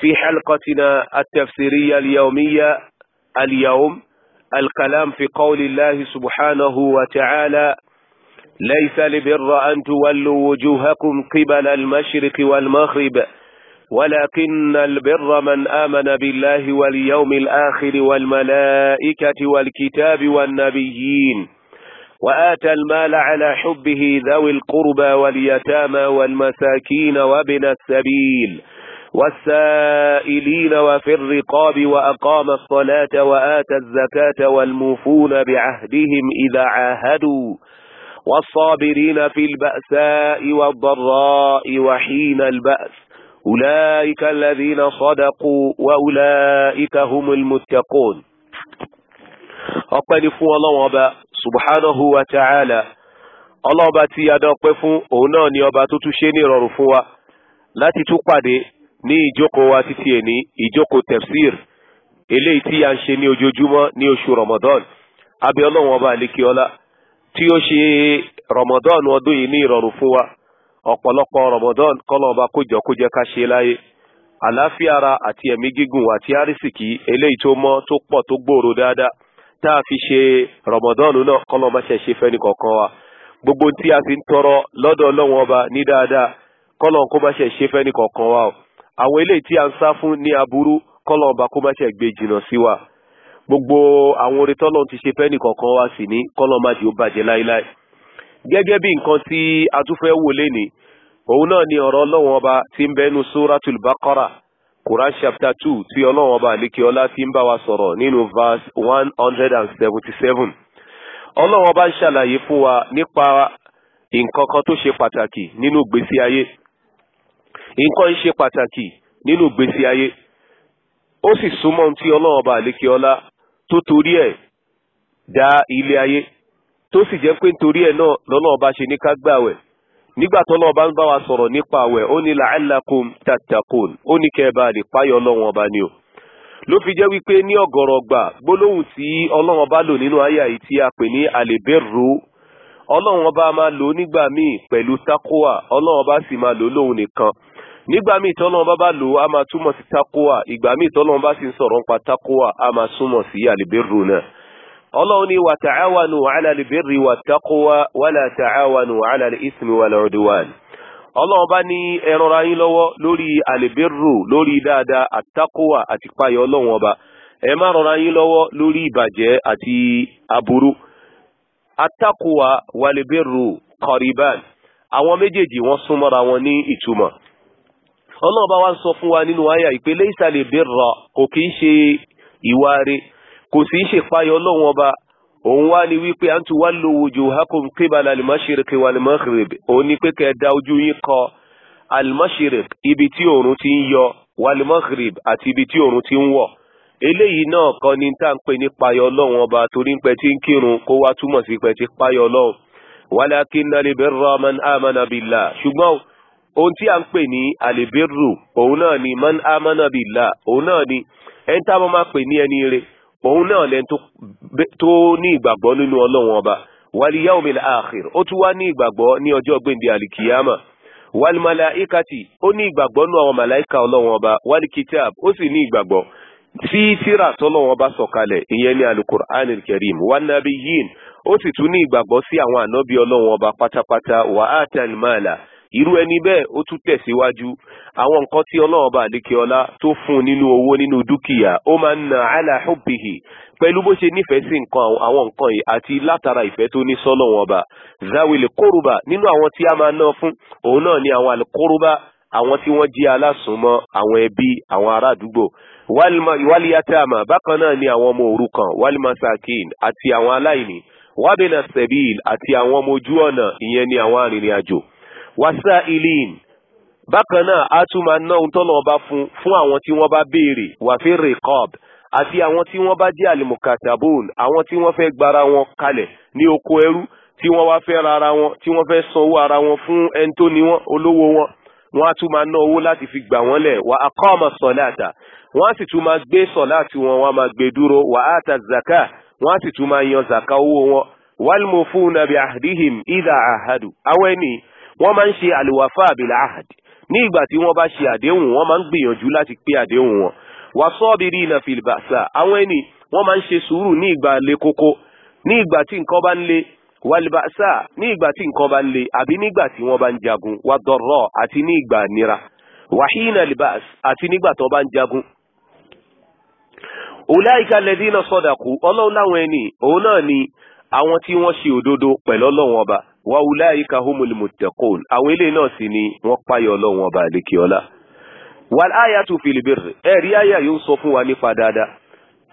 في حلقتنا التفسيرية اليومية اليوم الكلام في قول الله سبحانه وتعالى ليس لبر أن تولوا وجوهكم قبل المشرق والمغرب ولكن البر من آمن بالله واليوم الآخر والملائكة والكتاب والنبيين وآتى المال على حبه ذوي القربى واليتامى والمساكين وابن السبيل والسائلين وفي الرقاب وأقام الصلاة وآتى الزكاة والموفون بعهدهم إذا عاهدوا والصابرين في البأساء والضراء وحين البأس أولئك الذين صدقوا وأولئك هم المتقون أقنف الله أبا سبحانه وتعالى الله أبا تيادا قفو أوناني أبا تتشيني ررفوا لا تتقدي ní ìjókòó wa títí ẹni ìjókòó tefsir eléyìí tí a ń ṣe ní ojoojúmọ́ ní oṣù Ramadan abẹ Ọlọ́run ọba àlekíọlá tí ó ṣe Ramadan ọdún yìí ní ìrọ̀rùn fún wa ọ̀pọ̀lọpọ̀ Ramadan kọlọ ọba kójọ kó jẹ́ ká ṣe láyé àlàáfíà ara àti ẹ̀mí gígùn àti àrísìkí eléyìí tó mọ́ tó pọ̀ tó gbòòrò dáadáa tá a fi ṣe Ramadan náà kọlọ ọba ṣẹṣẹ fẹ́ni kọ̀ọ̀kan wa gbogbo tí a fi ń tọrọ lọ́dọ̀ Ọlọ́run ọba ní dáadáa kọlọ ọkọ bá fẹ́ni kọ̀ọ̀kan wa o àwọn eléyìí tí a ń sá fún ní aburú kọ́lọ̀ ọba kó má ṣe gbé jìnnà sí wa gbogbo àwọn orin tọ́lọ̀ ti ṣe fẹ́ nìkọ̀ọ̀kan wá sí ní kọ́lọ̀ má di ó bàjẹ́ láíláí gẹ́gẹ́ bí nǹkan tí a tún fẹ́ wò lé ní òun náà ni ọ̀rọ̀ ọlọ́wọ́n ọba tí ń bẹnu suratul baqara quran chapter two tí ọlọ́wọ́n ọba àlékiọlá ti ń bá wa sọ̀rọ̀ nínú verse one hundred and seventy seven ọlọ́wọ́n ọba ń ṣàlàyé fún wa nípa nǹkan kan tó ṣe pàtàkì nínú ìgbésí ayé nǹkan ṣe pàtàkì nínú ìgbésí ayé ó sì súnmọ́ tí ọlọ́run ọba àlékè ọlá tó torí ẹ̀ dá ilé ayé tó sì jẹ́ pé nítorí ẹ̀ náà lọ́lọ́run ọba ṣe ní ká gbàwẹ̀ nígbà tó lọ́wọ́ bá ń bá wa sọ̀rọ̀ nípa àwẹ̀ ó ní la'allakum tattaqun ó ní kẹ́ ẹ bá lè páyọ̀ ọlọ́run ọba ni o ló fi jẹ́ wípé ní ọ̀gọ̀rọ̀ gbà gbólóhùn tí ọlọ́run ọba lò nínú àyà yìí tí a pè ní àlèbẹ̀rù ọlọ́run ọba máa lò nígbà míì pẹ̀lú takowa ọlọ́run ọba sì máa lò lóhun nìkan nígbà míì tọ́lọ́run bá bá lò ó a máa túmọ̀ sí takowa ìgbà míì tọ́lọ́run bá sì ń sọ̀rọ̀ nípa takowa a máa súnmọ̀ sí àlìbẹ́rù náà ọlọ́run ní wa ta'awanu ala al-birri wa taqwa wala ta'awanu ala al-ismi wal udwan ọlọ́run bá ní ẹ ràn ara yín lọ́wọ́ lórí al lórí dáadáa at àti páyọ̀ ọlọ́run ọba ẹ má ràn ara yín lọ́wọ́ lórí ìbàjẹ́ àti aburú at-taqwa wal àwọn méjèèjì wọ́n súnmọ́ra wọn ní ìtumọ̀ ọlọ́run bá wá ń sọ fún wa nínú àyà ìpele ìsàlẹ̀ bẹ́ẹ̀rọ kò kì í ṣe ìwà rẹ̀ kò sì í ṣe payọ̀ ọlọ́run ọba òun wá ní wípé à ń tu wá lo wujuhakum qibala al-mashriq wal-maghrib òun ní pé kẹ́ ẹ da ojú yín kọ al-mashriq ibi tí òòrùn ti ń yọ wal-maghrib àti ibi tí òòrùn ti ń wọ̀ eléyìí náà kọ́ ni tá à ń pè ní payọ̀ ọlọ́run ọba torí ń pẹ́ tí ń kírun kó wá túmọ̀ sí pẹ́ tí payọ̀ ọlọ́run walakinna al-birra ṣùgbọ́n ohun tí a ń pè ní àlèbérù òun náà ni man amana billah òun náà ni ẹni tá a bá máa pè ní ẹni rẹ òun náà lẹni tó ní ìgbàgbọ́ nínú ọlọ́run ọba wal yawmil akhir ó tún wá ní ìgbàgbọ́ ní ọjọ́ gbèǹde àlìkìyàmà wal malaikati ó ní ìgbàgbọ́ nínú àwọn màláìka ọlọ́run ọba wal kitab ó sì ní ìgbàgbọ́ tí tíra tọ́lọ́run ọba sọ̀kalẹ̀ ìyẹn ní alukur'an alkarim wan nabiyyin ó sì tún ní ìgbàgbọ́ sí àwọn ànábì ọlọ́run ọba pátápátá wàá tẹ̀lé máa là irú ẹni bẹ́ẹ̀ ó tún tẹ̀síwájú àwọn nǹkan tí ọlọ́run bá lékè ọlá tó fún un nínú owó nínú dúkìá ó máa ń na àlà hubbihi pẹ̀lú bó ṣe nífẹ̀ẹ́ sí nǹkan àwọn nǹkan yìí àti látara ìfẹ́ tó ní sọ́lọ̀ wọn bá zawil kóruba nínú àwọn tí a máa ná fún òun náà ni àwọn alkóruba àwọn tí wọ́n jẹ́ alásùnmọ́ àwọn ẹbí àwọn ará àdúgbò wálíyátàmà bákan náà ni àwọn ọmọ òrukàn wálímásákìn àti àwọn aláìní wábẹ́nà sẹ̀bíìl àti àwọn ọmọ ojú ọ̀nà ìyẹn ni àwọn arìnrìn àjò wàsá ilin bákan náà a tún máa ná ohun tọ́nà ọba fún fún àwọn tí wọ́n bá béèrè wàfẹ́ rìkọ́b àti àwọn tí wọ́n bá jẹ́ àlìmọ̀kàtàbọ̀n àwọn tí wọ́n fẹ́ gbara wọn kalẹ̀ ní oko ẹrú tí wọ́n wá fẹ́ ra wọn tí wọ́n fẹ́ sanwó ara wọn fún ẹni tó ní wọn olówó wọn wọ́n á tún máa ná owó láti fi gbà wọ́n lẹ̀ wà á kọ́ ọmọ sọ̀láàtà wọ́n á sì tún máa gbé sọ̀láàtì wọn wọ́n á máa gbé dúró wà á ta zaka wọ́n á sì tún máa yan zaka owó wọn wàlmọ̀fún nàbí àdìhìm ìdá àhàdù àwọn ènìyàn wọ́n máa ń ṣe àlùwàfà bil ahd ní ìgbà tí wọ́n bá ṣe àdéhùn wọ́n máa ń gbìyànjú láti pé àdéhùn wọn wà sọ́ọ̀bìrì iná filibasa àwọn ẹni wọ́n máa ń ṣe sùúrù ní ìgbà le koko ní ìgbà tí nǹkan bá ń le wàlibasa ní ìgbà tí nǹkan bá ń le àbí nígbà tí wọ́n bá ń jagun wà dọ̀rọ̀ àti ní ìgbà nira wàhíìnà libas àti nígbà tó bá ń jagun. ulaika alladhina sadaku ọlọ́run láwọn ẹni òun náà ni àwọn tí wọ́n ṣe òdodo pẹ̀lú ọlọ́run ọba wa ulaika humul muttaqun àwọn eléyìí náà sì ni wọ́n páyọ̀ ọlọ́run ọba àlekè ọlá. wal ayatu fil birri ẹ̀rí àyà yóò sọ fún wa nípa dáadáa.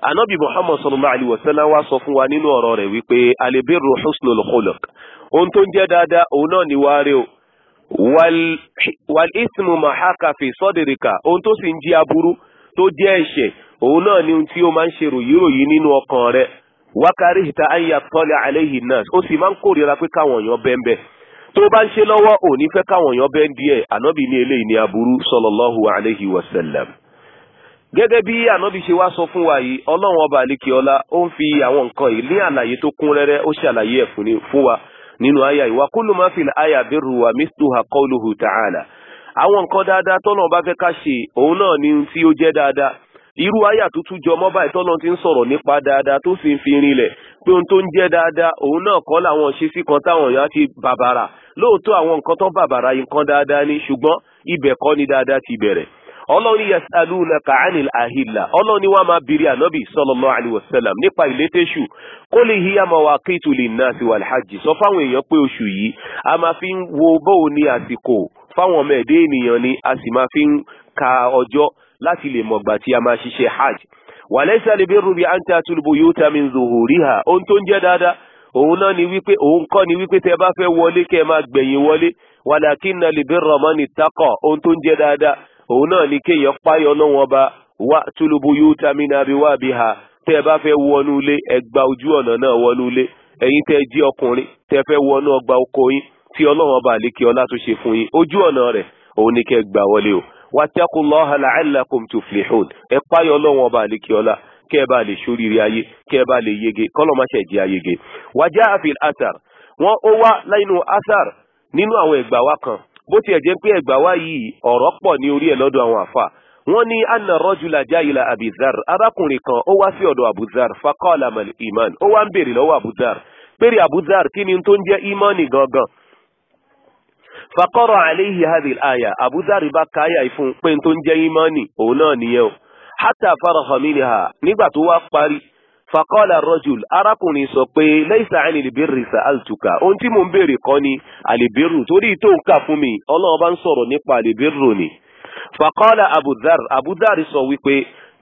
anabi muhammad sallallahu alayhi wa sallam wa sọ fún wa nínú ọ̀rọ̀ rẹ̀ wípé alibirru husnul khuluq ohun tó ń jẹ́ dáadáa òun náà ni wàá o. wal ismu mahaka fi sọ́dìrìkà ohun tó sì ń jí aburú tó jẹ́ ẹ̀ṣẹ̀ òun náà ni tí ó máa ń ṣe ròyìnròyìn nínú ọkàn rẹ̀ wákàrí hita ayé àtọ́lẹ̀ àléyìn náà ó sì máa ń kórìíra pé káwọn èèyàn bẹ́ẹ̀ bẹ́ẹ̀ tó bá ń ṣe lọ́wọ́ ni fẹ́ káwọn èèyàn bẹ́ẹ̀ díẹ̀ ànábì ní eléyìí ní aburú sallallahu gẹ́gẹ́ ṣe wá sọ fún wa yìí ọba àlekèọ́lá ó fi àwọn nǹkan yìí ní àlàyé tó kún rẹ́rẹ́ ó nínú yìí wa ta'ala àwọn nǹkan dáadáa bá fẹ́ ká ṣe òun ni tí ó jẹ́ dáadáa irú àyà tó tún jọ mọ́ báyìí tọ́lọ́ ti ń sọ̀rọ̀ nípa dáadáa tó sì ń fi rinlẹ̀ pé ohun tó ń jẹ́ dáadáa òun náà kọ́ làwọn ṣe sí kan táwọn èèyàn ti bàbàrà lóòótọ́ àwọn nǹkan tó bàbàrà yìí kan dáadáa ni ṣùgbọ́n ibẹ̀ kọ́ ni dáadáa ti bẹ̀rẹ̀ ọlọ́run yasalunaka anil ahila ọlọ́run ni wọ́n máa biri ànábì sallallahu alayhi nípa ìlétẹ́sù kó lè hiya mawaqitu linnasi walhajj sọ fáwọn èèyàn pé oṣù yìí a máa fi ń wo bóun ní àsìkò fáwọn ọmọ ẹ̀dẹ́ ènìyàn ni a sì máa fi ń ka ọjọ́ láti lè mọ̀gbà tí a máa ṣiṣẹ́ hajj wàlẹ́sà lè bẹ́rù bí anta tulubu yóò ta mi zuhuriha ohun tó ń jẹ́ dáadáa òun náà ni wípé òun kọ́ ni wípé tẹ́ bá fẹ́ wọlé kẹ́ máa gbẹ̀yìn wọlé walakinna lè bẹ́rù ọmọ ni takọ̀ ohun tó ń jẹ́ dáadáa òun náà ni kéèyàn páyọ̀ náà wọn bá wá tulubu yóò ta mi nàbí wá bí ha tẹ́ bá fẹ́ wọnú ilé ẹgbà ojú ọ̀nà náà wọnú ilé ẹ̀yin tẹ́ jí ọkùnrin tẹ́ fẹ́ wọnú ọgbà oko yín tí ọlọ́wọ́n bá lè kí ọlá tó wattaqullaha la'allakum tuflihun ẹ páyọ ọlọ́run ọba àlekíọ́lá kẹ́ ẹ bá lè ṣoríire ayé kẹ́ ẹ bá lè yege kọ́lọ́ má ṣe jẹ́ ayege. wàjá àfin asar wọn ó wá nínú asar nínú àwọn ẹgbà wa kan bó tiẹ̀ jẹ́ pé ẹgbà wa yìí ọ̀rọ̀ pọ̀ ní orí ẹ̀ lọ́dọ̀ àwọn àfà wọ́n ní anna rọ́júlá jáìlá abizar arákùnrin kan ó wá sí ọ̀dọ̀ abuzar fakọ́ọ̀lá iman ó wá ń béèrè lọ́wọ́ abuzar péré abuzar kí ni tó ń jẹ́ imani gangan fakọ́rọ̀ àléhìí hadhihi àyà àbúdárì bá káyà ìfún pé n tó ń jẹ́ ìmánì òun náà nìyẹn o hátà faraha minha nígbà tó wá parí fakọ́lá rọ́jùl arákùnrin sọ pé lẹ́yìn àìní lìbírì sa àlùtùkà ohun tí mò ń béèrè kọ́ ni àlìbírù torí tó ń kà fún mi ọlọ́run bá ń sọ̀rọ̀ nípa àlìbírù ni fakọ́lá abudar abudar sọ wípé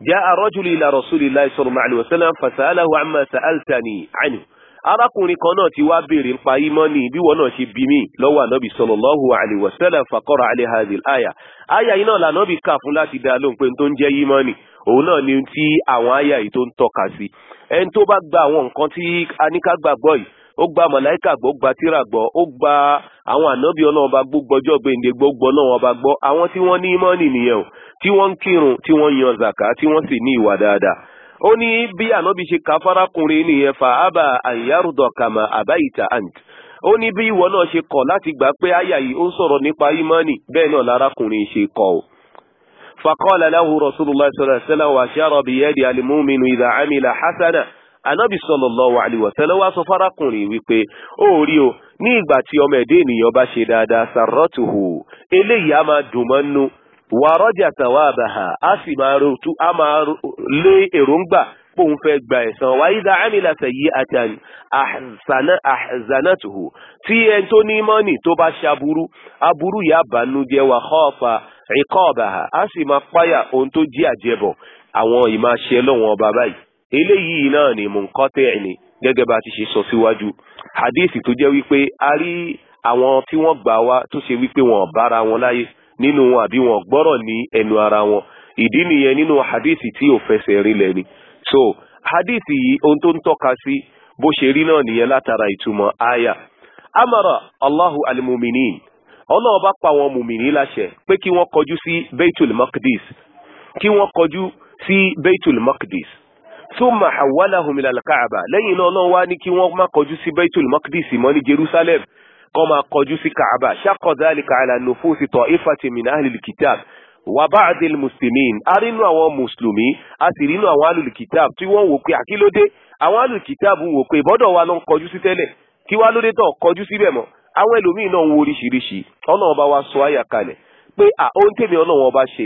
jẹ́ àrọ́jùl ilà rọ̀ṣùlì láì sọ̀rọ̀ màálù fasalahu amma sa'altani anhu arákùnrin kan náà ti wá béèrè nípa ìmọ̀ni bí wọn náà ṣe bí mi lọ́wọ́ ànábì sallallahu alaihi wasallam faqara alaiha hadhihi àyà àyà yìí náà lànábì kà fún láti dá lóhùn pé n tó ń jẹ́ ìmọ̀ni òun náà ni ti àwọn àyà yìí tó ń tọ́ka sí ẹni tó bá gba àwọn nǹkan tí aníkà gbàgbọ́ yìí ó gba màláìkà gbọ́ gba tíra gbọ́ ó gba àwọn ànábì ọlọ́run bá gbọ́ tí wọ́n ń kírun tí wọ́n ń yan zàkà tí wọ́n sì ní ìwà dáadáa ó ní bí ànábi ṣe kà fárakùnrin nìyẹn fa abba ayárùdọ̀ kàmà àbáyìta ant ó ní bí ìwọ náà ṣe kọ̀ láti gbà pé àyà yìí ó ń sọ̀rọ̀ nípa ìmánì bẹ́ẹ̀ náà lárakùnrin ṣe kọ̀ o. fakọ́lá lahu rasulillah sallallahu alayhi wa sallam wa ṣàrọ̀ bí yẹ́dì alimúminu ìdá amílà hasana ànábi sallallahu alayhi wa sallam wá sọ fárakùnrin wípé ó rí o ní ìgbà tí ọmọ ẹ̀dẹ́ ènìyàn bá ṣe dáadáa sàrọ́tùhù eléyìí á máa dùn mọ́nú wàrọ́jà tàwábàhà á sì máa rotu á máa lé èròǹgbà pòun fẹ́ gba ẹ̀san wáyé dá àmìlà sẹ̀yí àtàn àhàzánàtòhò tí ẹni tó ní mọ́nì tó bá ṣaburú aburú yà bànújẹ́ wà kọ́ọ̀fà ìkọ́ọ̀bàhà á sì máa páyà ohun tó jí àjẹbọ̀ àwọn ìmáṣe lọ́wọ́n ọba báyìí eléyìí náà ni mò ń kọ́ tẹ̀ ẹ̀ni gẹ́gẹ́ bá ti ṣe sọ síwájú hadith tó jẹ́ wípé a rí àwọn tí wọ́n gbà wá tó ṣe wípé wọn bára wọn láyé nínú wọn àbí wọn gbọ́rọ̀ ní ẹnu ara wọn ìdí nìyẹn nínú hadith tí ò fẹsẹ̀ rinlẹ̀ ni so hadith yìí ohun tó ń tọ́ka sí bó ṣe rí náà nìyẹn látara ìtumọ̀ aya amara allahu alimuminin ọlọ́run bá pa àwọn mùmìnì láṣẹ pé kí wọ́n kọjú sí beitul makdis kí wọ́n kọjú sí beitul makdis thumma hawalahum ila lẹ́yìn náà ọlọ́run wá ní kí wọ́n má kọjú sí beitul makdis mọ́ ní jerusalem kọ́ máa kọjú sí kaaba ṣakọ̀ dhalika ala nufusi ta'ifati min ahlil kitab wa ba'dil muslimin arínú àwọn mùsùlùmí a sì rínú àwọn alùlùkìtàb tí wọ́n wò pé àkílódé àwọn alùlùkìtàb wò pé bọ́dọ̀ wa ló ń kọjú sí tẹ́lẹ̀ kí wá lóde tó kọjú síbẹ̀ mọ́ àwọn ẹlòmíín náà ń wo oríṣiríṣi ọlọ́run bá wa sọ àyà kalẹ̀ pé ohun tèmi ọlọ́run ọba ṣe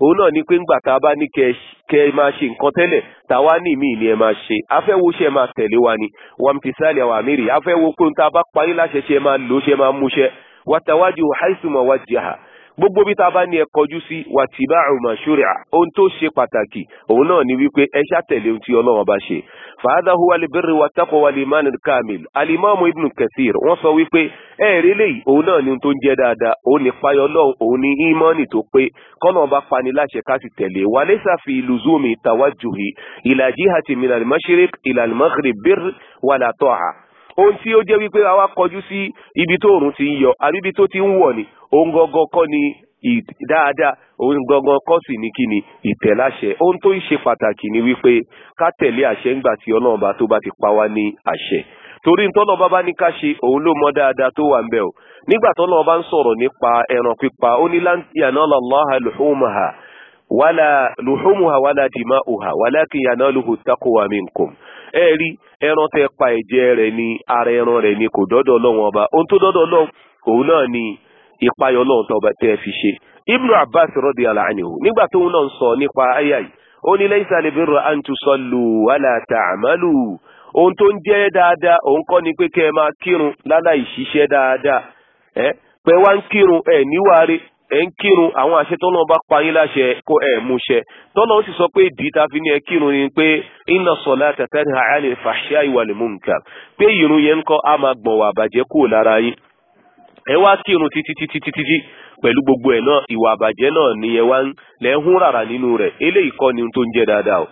òun náà ni pé ńgbà tá a bá ní kẹ ẹ máa ṣe nǹkan tẹ́lẹ̀ tá a wá ní ìmí ni ẹ máa ṣe afẹ́wo ṣe máa tẹ̀lé wa ni wàmtísàlẹ̀ àwọn àmì rè afẹ́wo pé tá a bá parí láṣẹ ṣe máa lò ṣe máa múṣẹ wàtàwájú haisuma wàjìhà gbogbo bí tá a bá ní ẹ kọjú sí wàtìbá àrùn màṣúrẹ̀ ohun tó ṣe pàtàkì òun náà ni wípé ẹ ṣá ohun tí ọlọ́run bá ṣe fàádà huwa libirri wa taqwa wa limani kamil alimami ibn kathir wọ́n sọ wípé ẹ rí léyìí òun náà ni tó ń jẹ dáadáa òun ní payọ lọhùn òun ní ímọ́ọ̀nì tó pé kọ́nà ọba pani láṣẹ ká sì tẹ̀lé e. walaysa fi luzumi tawajjuhi ila jihati minal mashriq ilal maghrib birr wala ta'a ohun tí ó jẹ́ wípé àwa kọjú sí ibi tó òòrùn ti ń yọ àbí ibi tó ti ń wọ̀ ni òun gọ́gọ́ kọ́ ni dáadáa òun gangan kọ́ sì ní kí ni ìtẹ̀láṣẹ ohun tó ń ṣe pàtàkì ni wípé ká tẹ̀lé àṣẹ ńgbà tí ọlọ́run bá tó bá ti pa wá ní àṣẹ torí tọ́lọ́ bá ní ká ṣe òun ló mọ dáadáa tó wà ń bẹ̀ o nígbà tọ́lọ́ọ̀bá ń sọ̀rọ̀ nípa ẹran pípa ó ní lan yanala Allaha wala wala walakin yanaluhu ìpayọ̀ náà tó ọba tẹ́ ẹ fi ṣe ibnu abbas radiyallahu anhu nígbà tó ń náà sọ nípa àyà yìí ó ní laysa libirra an ohun tó ń jẹ́ dáadáa òun kọ́ ni pé kẹ́ ẹ máa kírun láláì ṣiṣẹ́ dáadáa ẹ pé wá ń kírun ẹ níwáre ẹ ń kírun àwọn àṣẹ tọ́lọ́ bá ẹ mú ṣẹ sì sọ pé ìdí ta fi ní ẹ ni pé pé yẹn ń kọ́ á máa gbọ̀n ẹ wá kírun títí títí títí pẹ̀lú gbogbo ẹ̀ náà ìwà àbàjẹ́ náà ni ẹ wá ń lẹ́ hún rárá nínú rẹ̀ eléyìí kọ́ ni ohun tó ń jẹ́ dáadáa o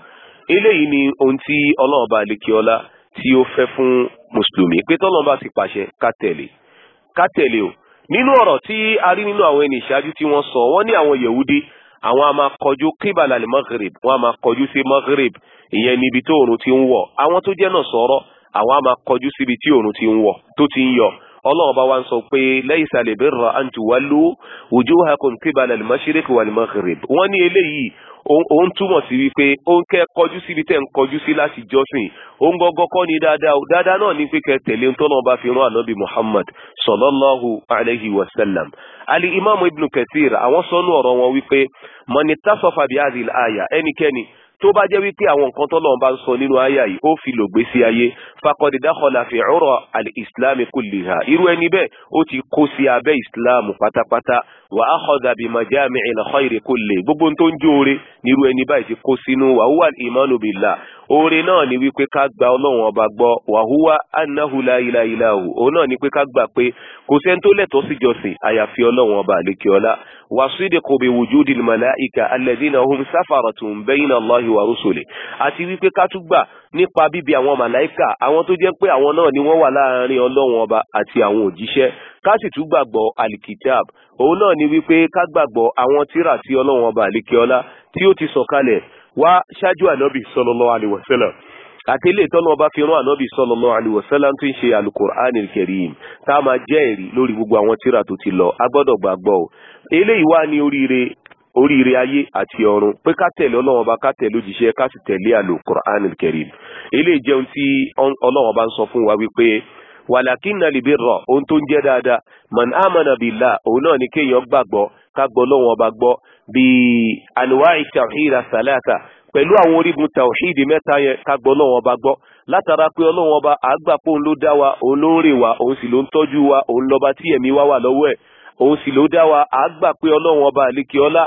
eléyìí ni ohun tí ọlọ́ọ̀ba alekeola tí ó fẹ́ fún mùsùlùmí pé tọ́lọ́ọ̀ba sì pàṣẹ ká tẹ̀lé ká tẹ̀lé o nínú ọ̀rọ̀ tí a rí nínú àwọn ẹni ìṣáájú tí wọ́n sọ wọ́n ní àwọn yehudi àwọn a máa kọjú kíbalà ní maghreb wọ́n a máa kọjú sí maghreb ìyẹn níbi tí oòrùn ti ń wọ̀ àwọn tó jẹ́ náà sọ̀rọ̀ àwọn a máa kọjú síbi tí oòrùn ti ń wọ̀ tó ti ń yọ ọlọ́run bá wá ń sọ pé laysa al-birra an tuwallu wujuhakum qibala al-mashriq wal-maghrib wọ́n ní eléyìí ó ń túmọ̀ sí wípé ó ń kẹ́ kọjú síbi tẹ́ ń kọjú sí láti jọ́sìn ó ń gọ́gọ́ kọ́ ni dáadáa dáadáa náà ní pé tẹ̀lé tọ́nà bá fi rán ànábì Muhammad sallallahu alayhi wa sallam ali imaamu ibn Kathir àwọn sọnù ọ̀rọ̀ wọn wípé mọ̀nìtàsọ̀fà bíi àdìl àyà ẹnikẹ́ni tó bá jẹ́ wípé àwọn nǹkan tọ́lọ́run bá ń sọ nínú àyà yìí ó fi lògbé sí ayé fakọ́dé dákọ̀lá fi ọ̀rọ̀ alìsílámù kò lè hà irú ẹni bẹ́ẹ̀ ó ti kó sí abẹ́ ìsìlámù pátápátá wà á kọ́dà bí màjáàmì ìlàkọ́ èrè kò lè gbogbo tó ń jó oore nírú ẹni báyìí ti kó sínú wàhúwà ìmánu bìlà oore náà ni wípé ká gba ọlọ́run ọba gbọ́ wàhúwà anahula ilayilahu òun náà ni pé ká gbà pé kò sẹ́ni tó lẹ́tọ̀ọ́ síjọsìn àyàfi ọlọ́run ọba àlekèọ́lá wàsídẹ̀kọ̀ bẹ̀ wùjú dìlmàlá ìkà alẹ́dínà hum sáfàràtún bẹ́yìn allah Allahi wa rusuli àti wípé ká tún gbà nípa bíbi àwọn màláìkà àwọn tó jẹ́ pé àwọn náà ni wọ́n wà láàrin ọlọ́run ọba àti àwọn òjíṣẹ́ ká sì tún gbàgbọ́ alikitab òun náà ni wípé ká gbàgbọ́ àwọn tírà tí ọlọ́run ọba àlekèọlá tí ó ti sọ̀kalẹ̀ wá ṣáájú ànábì sallallahu alaihi wasallam àtẹlẹ tọ́nà ọba fi rán ànábì sallallahu alaihi wasallam tó ń ṣe alukur'anil karim tá a máa jẹ́ ẹ̀rí lórí gbogbo àwọn tírà tó ti lọ a gbọ́dọ̀ o eléyìí wá ní oríire oríire ayé àti ọ̀run pé ká tẹ̀lé ọlọ́run ọba ká tẹ̀lé òjíṣẹ́ ká sì tẹ̀lé àlùkùránì kẹrìm eléyìí jẹun tí ọlọ́run ọba ń sọ fún wa wípé wàlàkínà lè bí rọ ohun tó ń jẹ́ dáadáa man amana billah òun náà ni kéèyàn gbàgbọ́ ká gbọ́ ọlọ́run ọba gbọ́ bíi àlùwá ìtàwíìrà sàlẹ́àtà pẹ̀lú àwọn orígun tàwíìdì mẹ́ta yẹn ká gbọ́ ọlọ́run ọba gbọ́ látara pé ọlọ́run ọba àgbàpọ̀ òun ló dá wa òun ló ń rè wa òun sì ló ń tọ́jú wa òun lọ́ba tí ẹ̀mí wa wà lọ́wọ́ ẹ̀ òun sì ló dá wa àgbà pé ọlọ́run ọba àlekè ọlá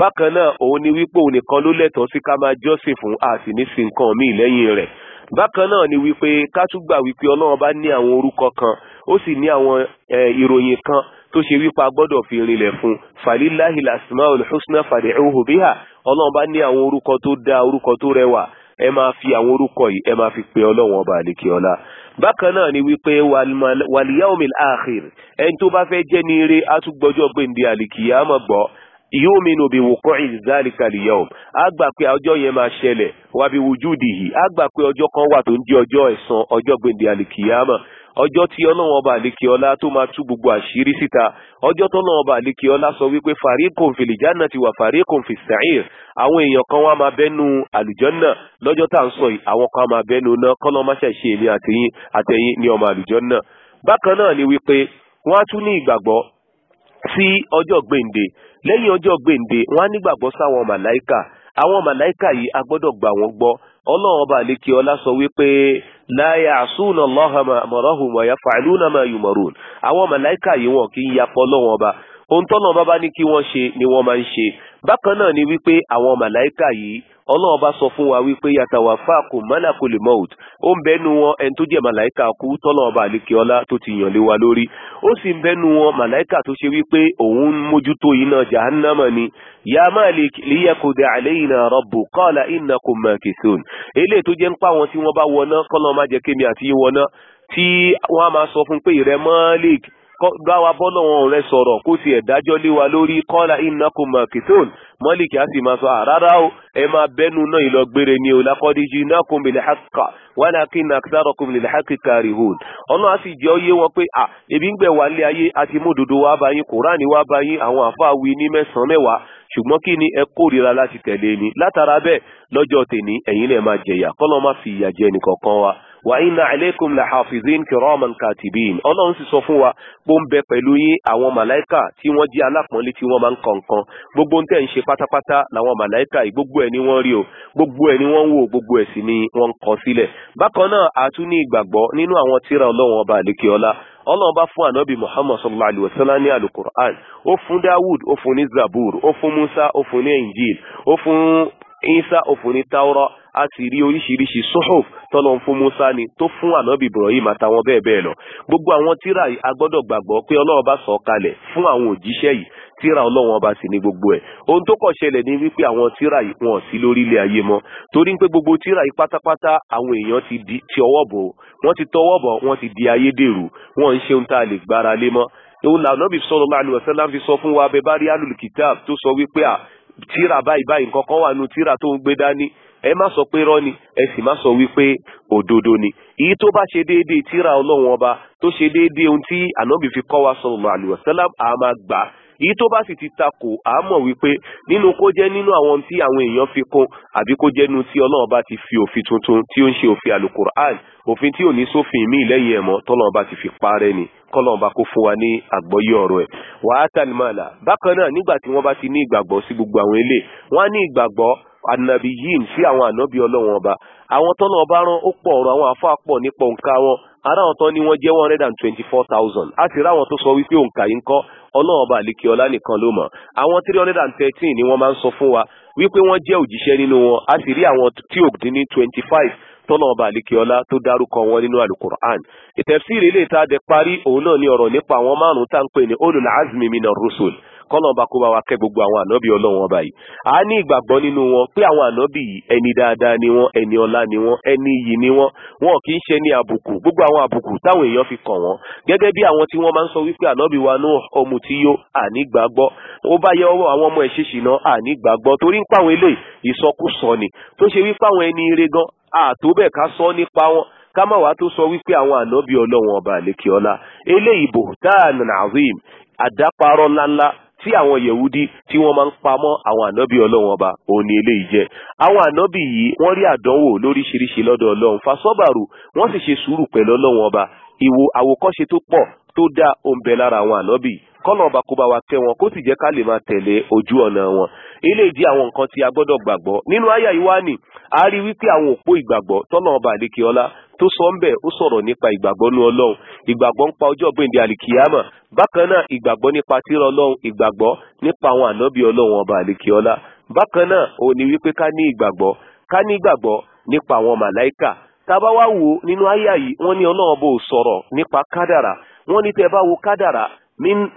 bákan náà òun ni wípé òun nìkan ló lẹ́tọ̀ọ́ sí ká máa jọ́sìn fún a sì ní sin nǹkan míì lẹ́yìn rẹ̀ bákan náà ni wípé ká tún gbà wípé ọlọ́run bá ní àwọn orúkọ kan ó sì ní àwọn ìròyìn kan tó ṣe wípé a gbọ́dọ̀ fi rinlẹ̀ fún falilahi lasmaul husna fad'uhu biha ọlọ́run bá ní àwọn orúkọ tó dáa orúkọ tó rẹwà ẹ máa fi àwọn orúkọ yìí ẹ máa fi pe ọlọ́run ọba àlekè ọlá bákan náà ni wípé wàlíyàwó mi ẹni tó bá fẹ́ jẹ́ ní eré á tún gbọ́jọ́ gbèǹde àlìkìyà mọ̀ gbọ́ yuminu bi wuqu'i zalika al-yawm á gbà pé ọjọ́ yẹn máa ṣẹlẹ̀ wà bí wujudihi pé ọjọ́ kan wà tó ń jẹ́ ọjọ́ ẹ̀san ọjọ́ gbèndé alikiyama ọjọ́ tí ọlọ́run ọba àlekíọ́lá tó máa tú gbogbo àṣírí síta ọjọ́ tọ́lọ́run ọba àlekíọ́lá sọ wípé fàríkùn fìlìjánà ti wà fàríkùn fìsàìr àwọn èèyàn kan wá máa bẹ́nu àlùjọ́nà lọ́jọ́ tá à ń sọ yìí àwọn kan máa bẹ́nu náà kọ́lọ́ má ṣe èmi àtẹ̀yìn àtẹ̀yìn ní ọmọ àlùjọ́nà bákan náà ni wípé wọ́n á tún ní ìgbàgbọ́ sí lẹ́yìn ọjọ́ gbèǹde wọn á nígbàgbọ́ sáwọn màláìkà àwọn màláìkà yìí a gbọ́dọ̀ gbà wọ́n gbọ́ ọlọ́run ọba àlekè ọlá sọ wípé láyà àsúnà lọ́hàmà àmọ̀rọ́hùn wọ̀nyá fàálùnà máa yùmọ̀rún àwọn màláìkà yìí wọn kì í yapọ̀ ọlọ́run ọba ohun tọ́lọ́run bá bá ní kí wọ́n ṣe ni wọ́n máa ń ṣe bákan náà ni wípé àwọn màláìkà yìí ọlọ́run bá sọ fún wa wípé yàtàwà fáàkù mọ́làkulè mọ́ọ̀t ó ń bẹ́nu wọn ẹni tó jẹ́ màláìka kú tọ́lọ́run bá àlékè ọlá tó ti yàn lé wa lórí ó sì ń bẹ́nu wọn màláìka tó ṣe wípé òun ń mójútó iná jahannama ni ya Malik liyakudi alayna rabbu qala innakum makithun eléyìí tó jẹ́ ń pa wọn tí wọ́n bá wọná kọ́lọ́ má jẹ́ kémi àti yín wọná tí wọ́n á máa sọ fún pé ìrẹ́ Malik bá wa bọ́ lọ́wọ́ rẹ sọ̀rọ̀ kó sì ẹ̀dájọ́ lé wa lórí kọ́lá innakum makithun mọ́lìkì á sì máa sọ àrárá o ẹ máa bẹ́nu náà ìlọgbére ni o laqad ji'nakum bil haqq walakinna aktharakum lil haqqi karihun ọ̀nà a sì jẹ́ ó yé wọn pé à ebi ń gbẹ̀ wá lé ayé àti mòdodo wá bá yín kùránì wá bá yín àwọn àfáà wí ní mẹ́sàn-án mẹ́wàá ṣùgbọ́n kí ni ẹ kórìíra láti tẹ̀lé ni látara bẹ́ẹ̀ lọ́jọ́ tèmi ẹ̀yin lè máa jẹ̀yà kọ́lọ́ má fi ìyà jẹ ẹnìkọ̀ọ̀kan wa wa inna alaykum la hafizin kiraman katibin ọlọ́run sì sọ fún wa pé ó ń bẹ pẹ̀lú yín àwọn màláìkà tí wọ́n jẹ́ alápọ̀nlé tí wọ́n máa ń kàn kan gbogbo tẹ̀ ń ṣe pátápátá làwọn màláìkà yìí gbogbo ẹ̀ ni wọ́n rí o gbogbo ẹ̀ ni wọ́n ń wò gbogbo ẹ̀ sì ni wọ́n ń kọ sílẹ̀ bákan náà a tún ní ìgbàgbọ́ nínú àwọn tíra ọlọ́run ọba àlékè ọlá ọlọ́run bá fún ànábì muhammad sallallahu alayhi wa sallam ní alukur'an ó fún dawud ó fún ní zabur ó fún musa ó fún ní injil ó fún isa ó fún ní taurah a sì rí oríṣiríṣi sohof tọ́lọ́ fún Musa ni tó fún ànábì Ibrahim àtàwọn bẹ́ẹ̀ bẹ́ẹ̀ lọ gbogbo àwọn tíra yìí a gbọ́dọ̀ gbàgbọ́ pé Ọlọ́run bá sọ kalẹ̀ fún àwọn òjíṣẹ́ yìí tíra ọlọ́wọ́n ọba sì ní gbogbo ẹ̀ ohun tó kọ̀ ṣẹlẹ̀ ní wípé àwọn tíra yìí wọn sí lórí ilé ayé mọ́ torí pé gbogbo tíra yìí pátápátá àwọn èèyàn ti di ti ọwọ́ bò wọ́n ti tọwọ́ bọ̀ wọ́n ti di ayédèrú wọ́n ń ṣe ohun tá a lè gbára lé mọ́ òun làwọn bí sọ̀rọ̀ máa lù ọ̀sẹ̀ láti sọ fún wa abẹ bá rí alùkìtàb tó sọ wípé tíra báyìí báyìí nǹkan kan wà nù tíra tó ń gbé dání ẹ má sọ pé rọ́ ni ẹ sì má sọ wípé òdodo ni èyí tó bá ṣe déédéé tíra ọlọ́run ọba tó ṣe déédéé ohun tí ànábì fi kọ́ wa sallallahu alaihi wasallam a máa gbà á èyí tó bá sì ti takò á mọ̀ wípé nínú kó jẹ́ nínú àwọn tí àwọn èèyàn fi kún àbí kó jẹ́ nínú tí ọlọ́run bá ti fi òfin tuntun tí ó ń ṣe òfin alukur'an òfin tí ò ní sófin míì lẹ́yìn ẹ̀mọ́ tọ́lọ́run bá ti fi parẹ́ ni kọ́lọ́run bá kó fún wa ní àgbọ́yé ọ̀rọ̀ ẹ̀ wàá tàlímàlà bákan náà nígbà tí wọ́n bá ti ní ìgbàgbọ́ sí gbogbo àwọn ilé wọ́n á ní ìgbàgbọ́ ànàbì yìí sí àwọn ànábì ọlọ́wọ́n ọba àwọn tọ́nà ọba rán ó pọ̀ ọ̀rọ̀ àwọn afá pọ̀ nípa òǹkà wọn ará wọn tán ni wọ́n jẹ́ one hundred and twenty four thousand a sì ráwọn tó sọ wípé òǹkà yìí ń kọ́ ọlọ́wọ́n ọba àlekè ọlá nìkan ló mọ̀ àwọn three hundred and thirteen ni wọ́n máa ń sọ fún wa wípé wọ́n jẹ́ òjíṣẹ́ nínú wọn a sì rí àwọn tí ò dín ní twenty five tọ́nà ọba àlekèọ́lá tó dárúkọ wọn nínú alukur'an ìtẹ̀síìrì ilé ìtajà parí òun náà ní ọ̀rọ̀ nípa àwọn márùn-ún tá à ń pè ní olùlà azmi mina rusul kọ́nà ọba kó bá wa kẹ́ gbogbo àwọn ànábì ọlọ́run ọba yìí a ní ìgbàgbọ́ nínú wọn pé àwọn ànábì yìí ẹni dáadáa ni wọn ẹni ọlá ni wọn ẹni iyì ni wọn wọn kì í ṣe ní àbùkù gbogbo àwọn àbùkù táwọn èèyàn fi kàn wọn gẹ́gẹ́ bí àwọn tí wọ́n máa ń sọ wípé ànábì wa náà ọmọ tí yó àní gbàgbọ́ ó bá yẹ ọwọ́ àwọn ọmọ ẹ̀ṣẹ̀ṣì náà àní gbàgbọ́ torí ń pàwọn eléyìí ìsọkúsọ ni tó ṣe wípé àwọn ẹni ire gan àtòbẹ̀ ká sọ nípa wọn kámá wàá tó sọ wípé àwọn ànábì ọlọ́wọ̀n ọba àlékè ọlá eléyìí tí àwọn yẹ̀wúdí tí wọ́n máa ń pamọ́ àwọn ànábì ọlọ́run ọba òun ni eléyìí jẹ́ àwọn ànábì yìí wọ́n rí àdánwò lóríṣiríṣi lọ́dọ̀ ọlọ́run fasọ́bàrù wọ́n sì ṣe sùúrù pẹ̀lú ọlọ́run ọba ìwò àwòkọ́ṣe tó pọ̀ tó dá òǹbẹ lára àwọn ànábì kọ́nà ọba kó bá wa kẹ́ wọn kó sì jẹ́ ká lè máa tẹ̀lé ojú ọ̀nà wọn eléyìí jẹ́ àwọn nǹkan tí a gbọ́dọ̀ gbàgbọ́ nínú àyà yìí wá nì a rí wípé àwọn òpó ìgbàgbọ́ tọ́nà ọba àdékè ọlá tó sọ ń bẹ̀ ó sọ̀rọ̀ nípa ìgbàgbọ́ ní ọlọ́run ìgbàgbọ́ ń pa ọjọ́ gbèǹde ọba ọlá bákan náà òní wípé ká ní ìgbàgbọ́ ká ní ìgbàgbọ́ nípa tábà wá wò nínú àyà yìí wọ́n ní ọlọ́run bò sọ̀rọ̀ nípa kádàrà wọ́n ní tẹ́ bá wo kádàrà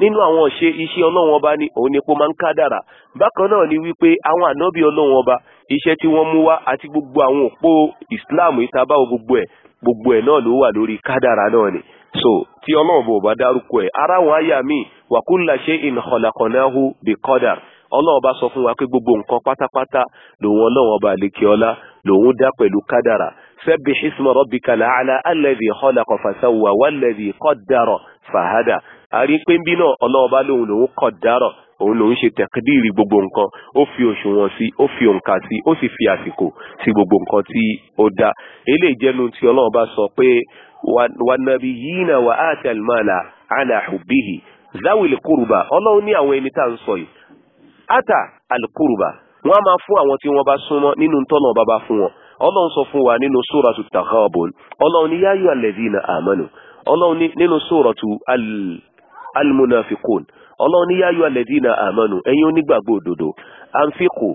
nínú àwọn ṣe iṣẹ́ ọlọ́run ọba ni òun ni kó máa ń kádàrà bákan náà ni wípé àwọn ànábì ọlọ́run ọba iṣẹ́ tí wọ́n mú wá àti gbogbo àwọn òpó Islam ìtaba gbogbo ẹ̀ gbogbo ẹ̀ náà ló wà lórí kádàrà náà ni so tí ọlọ́run bò bá dárúkọ ẹ̀ ara àwọn àyà míì wa kulla shay'in khalaqnahu bi qadar ọlọ́run bá sọ fún wa pé gbogbo nǹkan pátápátá lòun ọlọ́run ọba àlekè lòun dá pẹ̀lú kádàrà sẹ́bi isma rabbika la'ala alladhi khalaqa fasawwa walladhi qaddara fahada àrí pé ń bí náà ọlọ́ọ̀bá lòun lòun qaddara òun lòun ṣe tẹ̀kídìrì gbogbo nǹkan ó fi òṣùwọ̀n sí ó fi òǹkà sí ó sì fi àsìkò sí gbogbo nǹkan tí ó dá eléyìí jẹ́nu tí ọlọ́run sọ pé wànàbí yìí wà á tẹ̀ mọ́lá àlà hubbihi záwìlì kùrùbà ọlọ́run ní àwọn ẹni tá à ń sọ yìí átà àlùkùrùbà wọ́n á máa fún àwọn tí wọ́n bá súnmọ́ nínú tọ́nà bàbá fún wọn ọlọ́run sọ fún wa nínú sóràtú tàkàbọ̀n ọlọ́run ní yáyọ alẹ́dínà àmọ́nù ọlọ́run ní nínú sóràtú almunafikun ọlọ́run ní yáyọ alẹ́dínà àmọ́nù ẹ̀yin onígbàgbọ́ òdodo àǹfíkù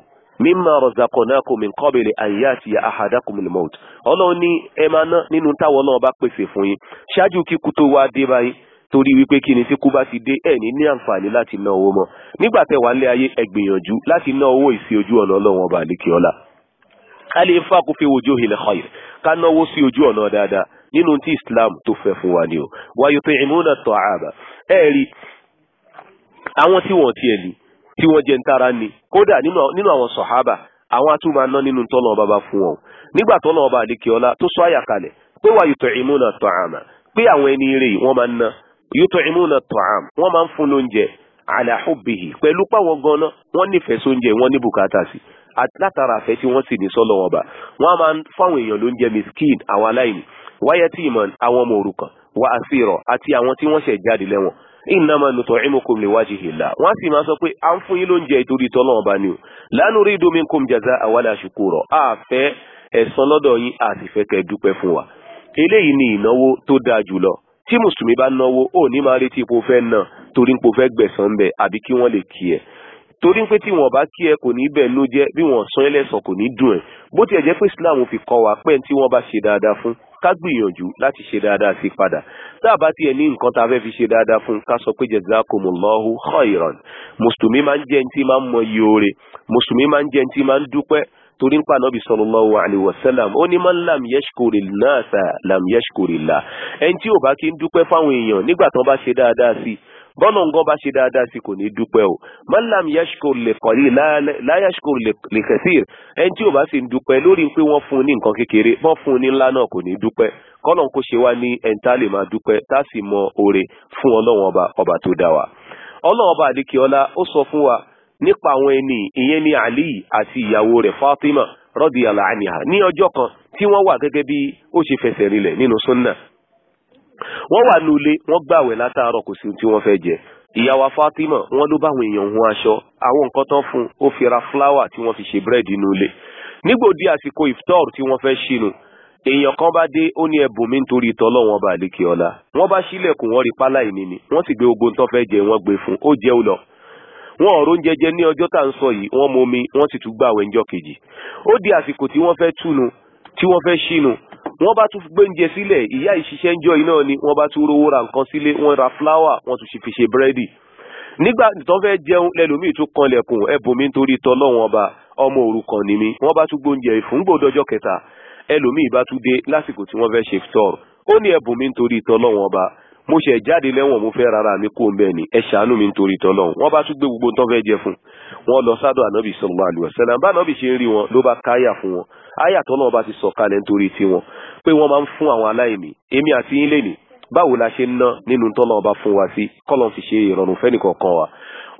mímọ rọ̀zàkọ̀nàkù mi kọ́bìlì àyè àti àhàdàkù mi mọ́t ọlọ́run ní ẹ máa ná nínú táwọn náà bá pèsè fún yín ṣáájú kíkú tó wá dé báyìí torí wípé kí ni tí kú bá ti dé ẹ ní ní àǹfààní láti ná owó mọ́ nígbà tẹ́ wà nílé ayé ẹ gbìyànjú láti ná owó ìsí ojú ọ̀nà ọlọ́wọ́n ọba àlékiọ́lá ká lè fà kó fi wojú ilẹ̀ khair ká náwó sí ojú ọ̀nà dáadáa nínú tí Islam tó fẹ́ fún wa ni o wáyé pé ìmúna tọ̀ àbà ẹ rí àwọn tí wọ́n tiẹ̀ ní tí wọ́n jẹ́ ń ni kódà nínú àwọn sọ̀hábà àwọn atúmọ̀ aná nínú tọ́lọ̀ ọba bá fún wọn nígbà tọ́lọ̀ ọba àdékè ọlá tó sọ àyàkálẹ̀ pé wà yìí tọ̀ ìmúna àmà pé àwọn ẹni rè wọ́n máa ná yut'imuna at'am wọ́n máa ń fún lóúnjẹ ala hubbihi pẹ̀lú pàwọn gan-an wọ́n nífẹ̀ẹ́ sóúnjẹ wọ́n ní bùkátà sí látara àfẹ́ tí wọ́n sì ní sọ́lọ́ wọn bá wọ́n máa ń fáwọn èèyàn lóúnjẹ miskin àwọn aláìní wayatiman àwọn ọmọ òrukàn wa asira àti àwọn tí wọ́n ṣẹ̀ jáde lẹ́wọ̀n innama nut'imukum liwajhillah wọ́n sì máa sọ pé à ń fún yín lóúnjẹ ìtorí tọ́lọ́ wọn bá ní o la nuridu minkum jazaa wala shukura àfẹ́ ẹ̀san lọ́dọ̀ yín àti tí mùsùlùmí bá náwó ò ní máa retí ipò fẹ́ náà torí ipò fẹ́ gbẹ̀sán bẹ̀ àbí kí wọ́n lè kí ẹ torí pé tí wọn bá kí ẹ kò ní bẹ́ẹ̀ ló jẹ́ bí wọn sọ ẹlẹ́sàn kò ní dùn ẹ̀ bó tiẹ̀ jẹ́ pé Islam fi kọ́ wa pé tí wọ́n bá ṣe dáadáa fún ká gbìyànjú láti ṣe dáadáa sí padà tá a bá tiẹ̀ ní nǹkan tá a fẹ́ fi ṣe dáadáa fún ká sọ pé jazakumullahu khairan mùsùlùmí máa ń jẹ́ ẹni tí máa ń mọ oore mùsùlùmí máa ń jẹ́ ẹni tí máa ń dúpẹ́ torí nípa ànábì sallallahu alayhi wa sallam ó ní man lam yashkuri nasa lam yashkuri la ẹni tí ò bá kí ń dúpẹ́ fáwọn èèyàn nígbà tán bá ṣe dáadáa sí i bọ́nà ń bá ṣe dáadáa sí kò ní dúpẹ́ o man lam yashkur li qalil la yashkur li kathir ẹni tí ò bá sì ń dúpẹ́ lórí pé wọ́n fún un ní nǹkan kékeré wọ́n fún un ní ńlá náà kò ní dúpẹ́ kọ́nà kó ṣe wá nípa àwọn ẹni ìyẹn ni ali àti ìyàwó rẹ̀ fatima radiyallahu anha ní ọjọ́ kan tí wọ́n wà gẹ́gẹ́ bí ó ṣe fẹsẹ̀ rinlẹ̀ nínú sunna wọ́n wà nulẹ̀ wọ́n gbàwẹ̀ látàárọ̀ kò sí tí wọ́n fẹ́ jẹ ìyàwó fatima wọ́n ló bá àwọn èèyàn hun aṣọ àwọn nǹkan tán fún ó fi ra fúláwà tí wọ́n fi ṣe búrẹ́dì nulẹ̀ nígbò àsìkò iftar tí wọ́n fẹ́ ṣinu èèyàn kan bá dé ó ní ẹbùn mi nítorí ìtọ́lọ́ wọn bá àlékè ọ̀la wọ́n bá sílẹ̀kùn wọn rí pálá ìní ni wọ́n sì gbé ogun tán fẹ́ jẹ wọ́n gbé fún ó jẹ́ ó wọn ọ̀rọ̀ oúnjẹ jẹ ní ọjọ́ tá à ń sọ yìí wọ́n mu omi wọ́n sì tún gbààwẹ̀ ńjọ́ kejì ó di àsìkò tí wọ́n fẹ́ túnu tí wọ́n fẹ́ ṣínu wọ́n bá tún gbé oúnjẹ sílẹ̀ ìyá ìṣiṣẹ́ ńjọ́ yìí náà ni wọ́n bá tún rówó ra nǹkan sílé wọ́n ra fúláwà wọ́n tún fi ṣe búrẹ́dì nígbà tó fẹ́ jẹun lẹ́lòmíì tún kanlẹ̀kùn ẹ̀bùnmi nítorí tọ́lọ́wọ́n ọba ọmọ òrukàn ni mí wọ́n bá tún gbóúnjẹ ìfúngbòdọ́jọ́ kẹta ẹlòmíì bá tún dé lásìkò tí wọ́n fẹ́ ṣe tọ́ọ̀rù ó ní ẹ̀bùn mi nítorí ìtọ́lọ́wọ́n ọba mo ṣẹ̀ jáde lẹ́wọ̀n mo fẹ́ rárá mi kó bẹ́ẹ̀ ni ẹ ṣàánú mi nítorí tọ́lọ́run wọ́n bá tún gbé gbogbo tán fẹ́ jẹ fún wọn lọ sádọ̀ ànábì sallallahu alaihi wasallam bá ànábì ṣe ń rí wọn ló bá káyà fún wọn áyà tọ́lọ́run bá ti sọ kalẹ̀ nítorí tiwọn pé wọ́n máa ń fún àwọn aláìní èmi àti yín lẹ́nìí báwo la ṣe ń ná nínú tọ́lọ́run bá fún wa sí kọ́lọ́n fi ṣe ìrọ̀rùn fẹ́ni kọ̀ọ̀kan wa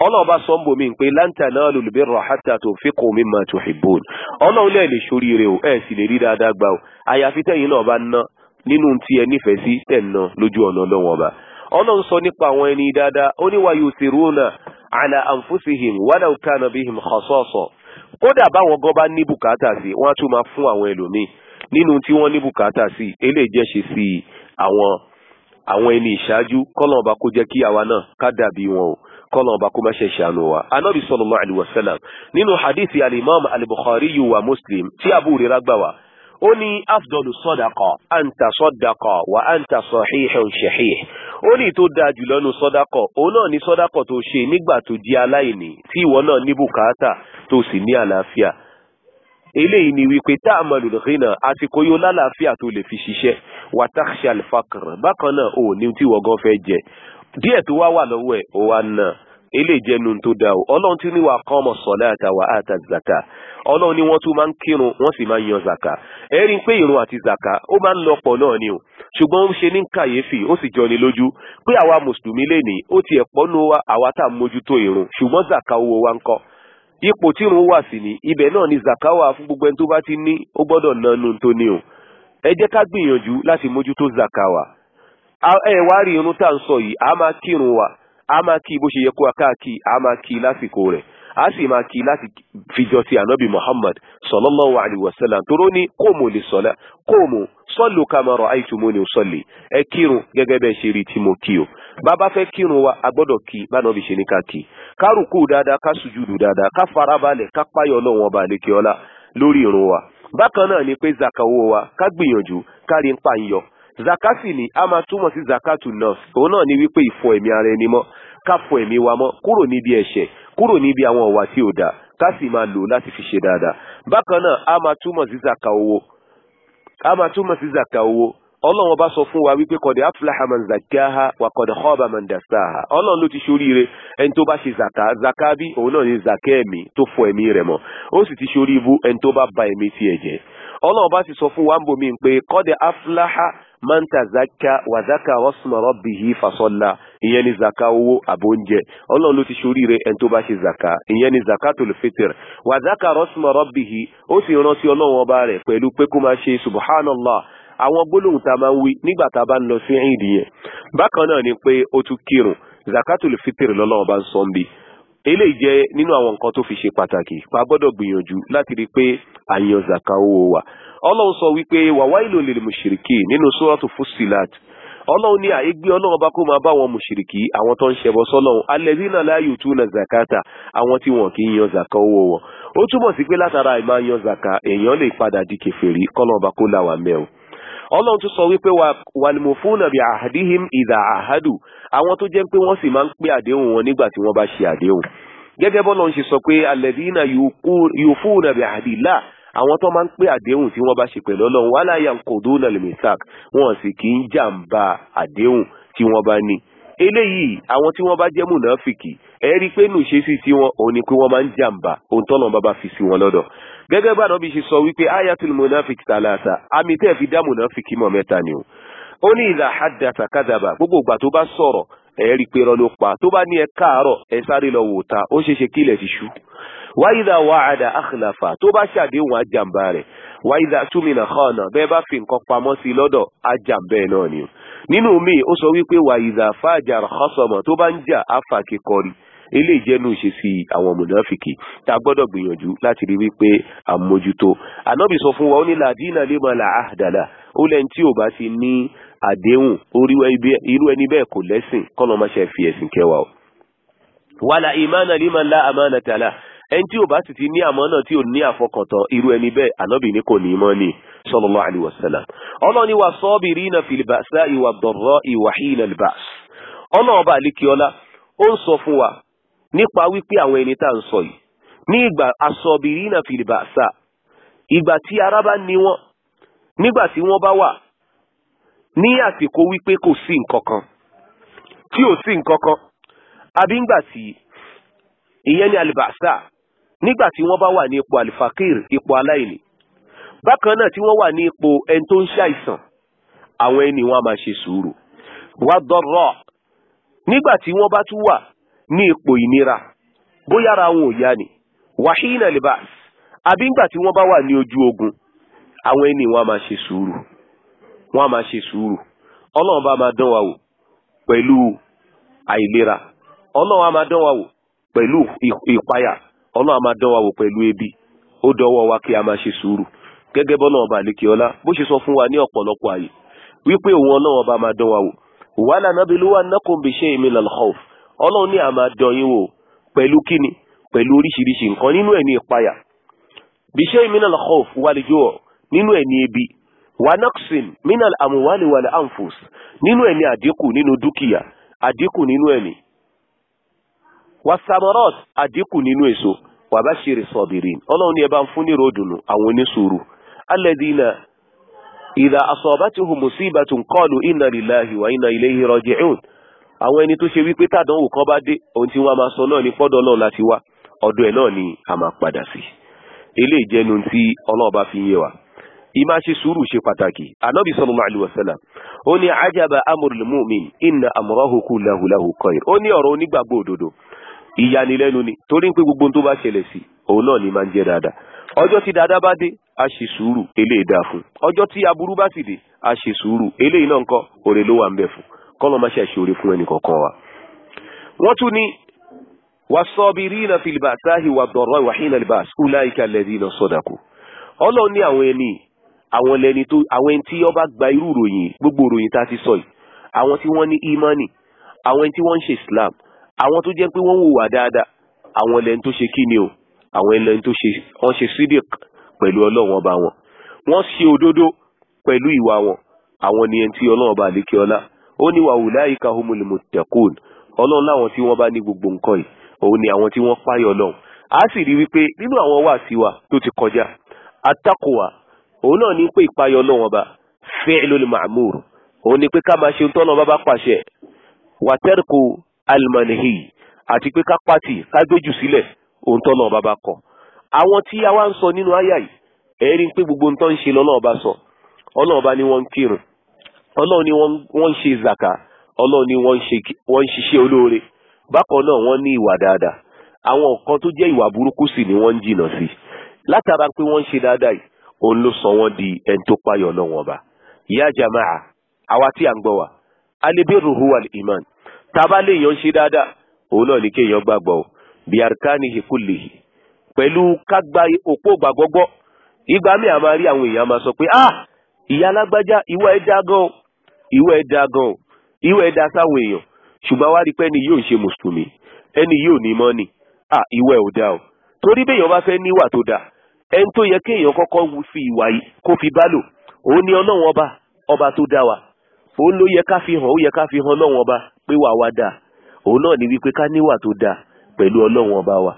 ọlọ́run bá sọ ń bò mí pé lan tanalul birra hatta tunfiqu mimma tuhibbun ọlọ́run lẹ́ẹ̀ lè ṣoríire o ẹ̀ sì lè rí dáadáa gbà o àyàfi tẹ́yìn náà bá ná nínú tí ẹ nífẹ̀ẹ́ sí tẹ̀ ń ná lójú ọ̀nà ọlọ́wọ́n ọba ọlọ́run sọ nípa àwọn ẹni dáadáa ó ní wàá yusiruna ala anfusihim walaw kana bihim khasasa kódà báwọn gan bá ní bùkátà sí wọn á tún máa fún àwọn ẹlòmíì nínú tí wọ́n ní bùkátà sí eléyìí jẹ́ ṣe sí àwọn àwọn ẹni ìṣáájú kọ́lọ̀ ọba kó jẹ́ kí àwa náà ká dàbí wọn o kọ́lọ̀ ọba kó má ṣe ṣàánú wa anábì sallallahu alaihi wasallam nínú hadithi alimam alibukhari yuwa muslim tí abu rira gbà wá ó ní afdọ́lù sọ́dàkọ̀ àǹtà sọ́dàkọ̀ wà àǹtà sọ̀híhùn ṣẹ̀híh ó ní tó dáa jùlọ nu sọ́dàkọ̀ òun náà ní sọ́dàkọ̀ tó ṣe nígbà tó di aláìní tí ìwọ náà ní bùkátà tó sì ní àlàáfíà eléyìí ni wípé tá a mọ lùdìrínà àsìkò yóò lálàáfíà tó lè fi ṣiṣẹ́ wàtáṣà alfakr bákan náà ò ní tí wọ́n gan jẹ díẹ̀ tó wá wà lọ́wọ́ ẹ̀ ó wá náà eléyìí jẹ́ nu tó dáa o ọlọ́run ti ní wa qama salata wa ata zaka ọlọ́run ni wọ́n tún máa ń kírun wọ́n sì máa ń yan zaka ẹ̀rí pé ìrun àti zaka ó máa ń lọ́pọ̀ náà ni o ṣùgbọ́n ó ń ṣe ní kàyéfì ó sì jọni lójú pé àwa mùsùlùmí lè ní ó tiẹ̀ pọ́nú wa àwa tá à ń mójútó ìrun ṣùgbọ́n zaka owó wa ń kọ́ ipò tí ìrun wà sí ni ibẹ̀ náà ni zaka wà fún gbogbo ẹni tó bá ti ní ó gbọ́dọ̀ nanu tó ní o ẹ jẹ́ ká gbìyànjú láti mójútó zaka wa ẹ wá rí irun tá à ń sọ yìí a máa kírun wa a máa kí bó ṣe yẹ kó a ká kí a máa kí lásìkò rẹ̀ a sì máa kí láti fijọ́ ti ànábì muhammad sallallahu alayhi wa sallam toró ní kóòmù lè sọlá kóòmù sallu kama ra'aytumuni usalli ẹ kírun gẹ́gẹ́ bẹ́ẹ̀ ṣe rí tí mo kí o bàbá fẹ́ kírun wa a gbọ́dọ̀ kí bánàbì ṣe ní ká kí ká dáadáa ká sùjúdù dáadáa ká farabalẹ̀ ká páyọ̀ lọ́wọ́n ọba àlekè ọlá lórí irun wa bákan náà ni pé zakawo wa ká gbìyànjú ká rí ń pa ń yọ zakasi ni a máa túmọ̀ sí zakatu nurse òun náà ni wípé ìfọ ẹ̀mí ara ẹni mọ́ ká fọ ẹ̀mí wa mọ́ kúrò níbi ẹ̀ṣẹ̀ kúrò níbi àwọn ọ̀wà tí ò dáa ká sì máa lò láti fi ṣe dáadáa bákan náà a máa túmọ̀ sí zaka owó a máa túmọ̀ sí zaka owó ọlọ́run bá sọ fún wa wípé kọ̀dẹ̀ aflaha man zakaha wa kọ̀dẹ̀ khaba man dasaha ọlọ́run ló ti ṣoríire ẹni tó bá ṣe zaka zaka bí òun náà ní zaka ẹ̀mí tó fọ ẹ̀mí rẹ̀ mọ́ ó sì ti ṣorí ibú ẹni tó bá ba ẹ̀mí tiẹ̀ jẹ́ ọlọ́run bá sì sọ fún wa ń bomi pé kọ́dẹ̀ aflaha man tazakka wa zakara isma rabbihi fasola ìyẹn ni zaka owó àbóúnjẹ ọlọ́run ló ti ṣoríire ẹni tó bá ṣe zaka ìyẹn ni zakatul fitir. wa zakara isma rabbihi ó sì rántí ọlọ́run ọba rẹ̀ pẹ̀lú pé kó máa ṣe subhanallah àwọn gbólóhùn tá a máa ń wí nígbà tá a bá ń lọ sí ẹ̀yìn ìdíyẹn bákan náà ni pé ó tún kírun zakatul fitir lọ́lọ́run bá ń sọ ń bíi Ele jẹ́ nínú àwọn nǹkan tó fi ṣe pàtàkì pa gbọ́dọ̀ gbìyànjú láti rí pé àyàn zaka owó wa ọlọ́run sọ wípé wàwáìlò lil mushriki nínú suratu fusilat ọlọ́run ní àyégbé ọlọ́run bá kó máa bá wọn mùṣìríkì àwọn tó ń ṣẹbọ sọ́lọ́run alẹ́dínà láàyò tún na zakata àwọn tí wọn kì í yan zaka owó wọn ó túmọ̀ sí pé látara ìmáa yan zaka èèyàn lè padà di kèfèrí kọ́lọ́run bá kó làwọn mẹ́rin ọlọ́run tún sọ wípé wàlmùfúnà bí àhàdíhìm ìdà àhádù àwọn tó jẹ́ pé wọ́n sì máa ń pé àdéhùn wọn nígbà tí wọ́n bá ṣe àdéhùn gẹ́gẹ́ bọ́lọ́run ṣe sọ pé alẹ́dínà yòófúnà bí àhàdìlá àwọn tó máa ń pé àdéhùn tí wọ́n bá ṣe pẹ̀lú ọlọ́run wà láyà ń kò dóná lèmísàk wọn sì kì í jàǹbá àdéhùn tí wọ́n bá ní eléyìí àwọn tí wọ́n bá jẹ́ mùnáfìkì ẹ rí i pé nù ṣe sí tiwọn òun ni pé wọ́n máa ń jàǹbá ohun tọ́nà bàbá fi sí wọn lọ́dọ̀ gẹ́gẹ́ bá nàbí ṣe sọ wípé ayatul munafik talata àmì tẹ́ fi dá munafik mọ̀ mẹ́ta ni o ó ní ìlà haddatha kadaba gbogbo ìgbà tó bá sọ̀rọ̀ ẹ pé irọ́ ló pa tó bá ní ẹ káàárọ̀ ẹ sáré lọ wò ta ó ṣeéṣe kí ilẹ̀ ti ṣú wáyídà wàhádà akhlafa tó bá ṣàdéhùn àjàmbá rẹ̀ wáyídà túmínà khana bẹ́ẹ̀ bá fi nǹkan pamọ́ sí i lọ́dọ̀ àjàmbẹ́ náà ni o nínú mi ó sọ wípé wàyídà fàjà khasama tó bá ń jà àfàkẹ́kọ̀ọ́rì eléyìí jẹ́nu ìṣesí àwọn mùnàfìkì tá a gbọ́dọ̀ gbìyànjú láti rí wípé àmójútó ànábì sọ fún wa ó ní làdínà lè máa là áhdàlà ó lẹ́ni tí ò bá ti ní àdéhùn orí irú ẹni bẹ́ẹ̀ kò lẹ́sìn kọ́nà máa ṣe fi ẹ̀sìn kẹwàá o wàlà ìmánà lè máa lá àmánà tààlà ẹni tí ò bá sì ti ní àmọ́ tí ò ní àfọkàntán irú ẹni bẹ́ẹ̀ ànábì ní kò ní mọ́ ni sallallahu alaihi ọlọ́ni wa sabirina fil ba'sa'i wad darra'i wa hinal ba's ọlọ́ọ̀ba ó ń sọ fún wa nípa wípé àwọn ẹni tá à ń sọ yìí ní ìgbà asọ̀bìrínà fìlìbàṣà ìgbà tí ara bá ní wọn nígbà tí wọ́n bá wà ní àsìkò wípé kò sí nǹkan kan tí ò sí nǹkan kan àbí ńgbà tí ìyẹn ní alibasa nígbà tí wọ́n bá wà ní ipò alifakir ipò aláìní bákan náà tí wọ́n wà ní ipò ẹni tó ń ṣàìsàn àwọn ẹni wọn a máa ṣe sùúrù wá dọ́rọ̀ nígbà tí wọ́n bá tún wà ní ipò ìnira bóyá ara wọn ò yá ni wàhíìnà lè bá àbí ńgbà tí wọ́n bá wà ní ojú ogun àwọn ẹni wọn a máa ṣe sùúrù wọn a máa ṣe sùúrù ọlọ́run bá máa dán wa wò pẹ̀lú àìlera ọlọ́run a máa dán wa wò pẹ̀lú ìpayà ọlọ́run a máa dán wa wò pẹ̀lú ebi ó dọwọ́ wa kí a máa ṣe sùúrù gẹ́gẹ́ bọ́ náà ọba àlekè ọlá bó ṣe sọ fún wa ní ọ̀pọ̀lọpọ̀ àyè wípé òun ọlọ́run ọba máa dán wa wò wàhálà nábìlú wa nákòǹbì ṣe èmi ọlọ́run ní àmà dọ̀yìn wò pẹ̀lú kíni pẹ̀lú oríṣiríṣi nǹkan nínú ẹ̀ ní ìpayà bíṣẹ́ minal khawf wàlíjọ́ nínú ẹ̀ ní ebi wanaksin minal amuwali wal anfus nínú ẹ̀ ní àdínkù nínú dúkìá àdínkù nínú ẹ̀ ní wasamarot àdínkù nínú èso wàbáṣiri sọ̀bìrín ọlọ́run ní ẹ bá ń fún ní ròdùnú àwọn oníṣòro alẹ́dínà ìdá asọ̀bátìhùn musibatun qalu inna lillahi wa inna ilayhi raji'un àwọn ẹni tó ṣe wípé tàdánwò kan bá dé ohun tí wọ́n máa sọ náà ní fọ́dọ̀ náà láti wá ọ̀dọ̀ ẹ̀ náà ni a máa padà sí eléyìí jẹ́nu tí ọlọ́ọ̀bá fi yé wa ìmá ṣe sùúrù ṣe pàtàkì anábì sallallahu alaihi wasallam ó ní ajaba amrul mu'min inna amrahu kullahu lahu khair ó ní ọ̀rọ̀ onígbàgbọ́ òdodo ìyanilẹ́nu ni torí pé gbogbo tó bá ṣẹlẹ̀ sí òun náà ni máa ń jẹ́ dáadáa ọjọ́ tí dáadáa bá dé a ṣe sùúrù eléyìí dáa fún ọjọ́ tí aburú bá sì dé a ṣe sùúrù eléyìí náà ńkọ́ òrè ló ń bẹ fún kọ́lọ́ máa ṣe ṣòro fún ẹnì kọ̀ọ̀kan wa. wọ́n tún ní wasabirina fil ba'sahi wad-dharra'i wa hina al-ba's ulaika alladhina sadaqu ọlọ́run ní àwọn ẹni àwọn lẹni tó àwọn ẹni tí ọba gba irú ròyìn gbogbo ròyìn tá a ti sọ yìí àwọn tí wọ́n ní imani àwọn ẹni tí wọ́n ń ṣe islam àwọn tó jẹ́ pé wọ́n wò wá dáadáa àwọn lẹni tó ṣe kíni o àwọn ẹlẹni tó ṣe wọ́n ṣe sídìk pẹ̀lú ọlọ́run ọba wọn wọ́n ṣe òdodo pẹ̀lú ìwà wọn àwọn ni ẹni tí ọlọ́run ọba àlékè ọlá ó ní wa ulaika humul muttaqun ọlọ́run láwọn tí wọ́n bá ní gbogbo nǹkan yìí òun ni àwọn tí wọ́n páyọ̀ ọlọ́run a sì rí wípé nínú àwọn wàásí wa tó ti kọjá atakuwa òun náà ní pé ìpáyọ̀ ọlọ́run ọba fi'lul ma'mur òun ni pé ká máa ṣe tọ́nà bá bá pàṣẹ wàtẹ́rìkù almanhi àti pé ká pàtì ká gbójú sílẹ̀ òun tọ́nà bá bá kọ àwọn tí a wá ń sọ nínú àyà yìí ẹ̀rí pé gbogbo ń tọ́ ń ṣe lọ́nà ọba sọ ọlọ́ọ̀ba ni wọ́n ń kírun ọlọ́run ni wọ́n ń ṣe zaka ọlọ́run ni wọ́n ń ṣiṣẹ́ olóore bákan náà wọ́n ní ìwà dáadáa àwọn nǹkan tó jẹ́ ìwà burúkú sì ni wọ́n ń jìnà sí látara pé wọ́n ń ṣe dáadáa yìí òun ló sọ wọ́n di ẹni tó payọ̀ náà wọn bá yá jamaa àwa tí à ń gbọ́ wa alebèrò huwa iman tábà léèyàn ṣe dáadáa òun náà ní kéèyàn gbàgbọ́ o bí arkani hikullihi pẹ̀lú kágbá òpó gbàgbọ́gbọ́ ìgbà mi àmà rí àwọn èèyàn máa sọ pé ah ìyá alágbájá ìwà ẹ̀ gan o ìwẹ̀ da gan ìwẹ̀ da sáwọn èèyàn ṣùgbọ́n wá rí pé ẹni yóò ṣe mùsùlùmí ẹni yóò ní mọ́nì à ìwẹ̀ ò da o torí béèyàn bá fẹ́ níwà tó da ẹni tó yẹ kéèyàn kọ́kọ́ fi ìwà yìí kó fi bá lò òun ni ọlọ́run ọba ọba tó dá wa òun ló yẹ ká fi hàn ó yẹ ká fi hàn ọlọ́run ọba pé wà wá da òun náà ni wípé ká níwà tó da pẹ̀lú ọlọ́run ọba wa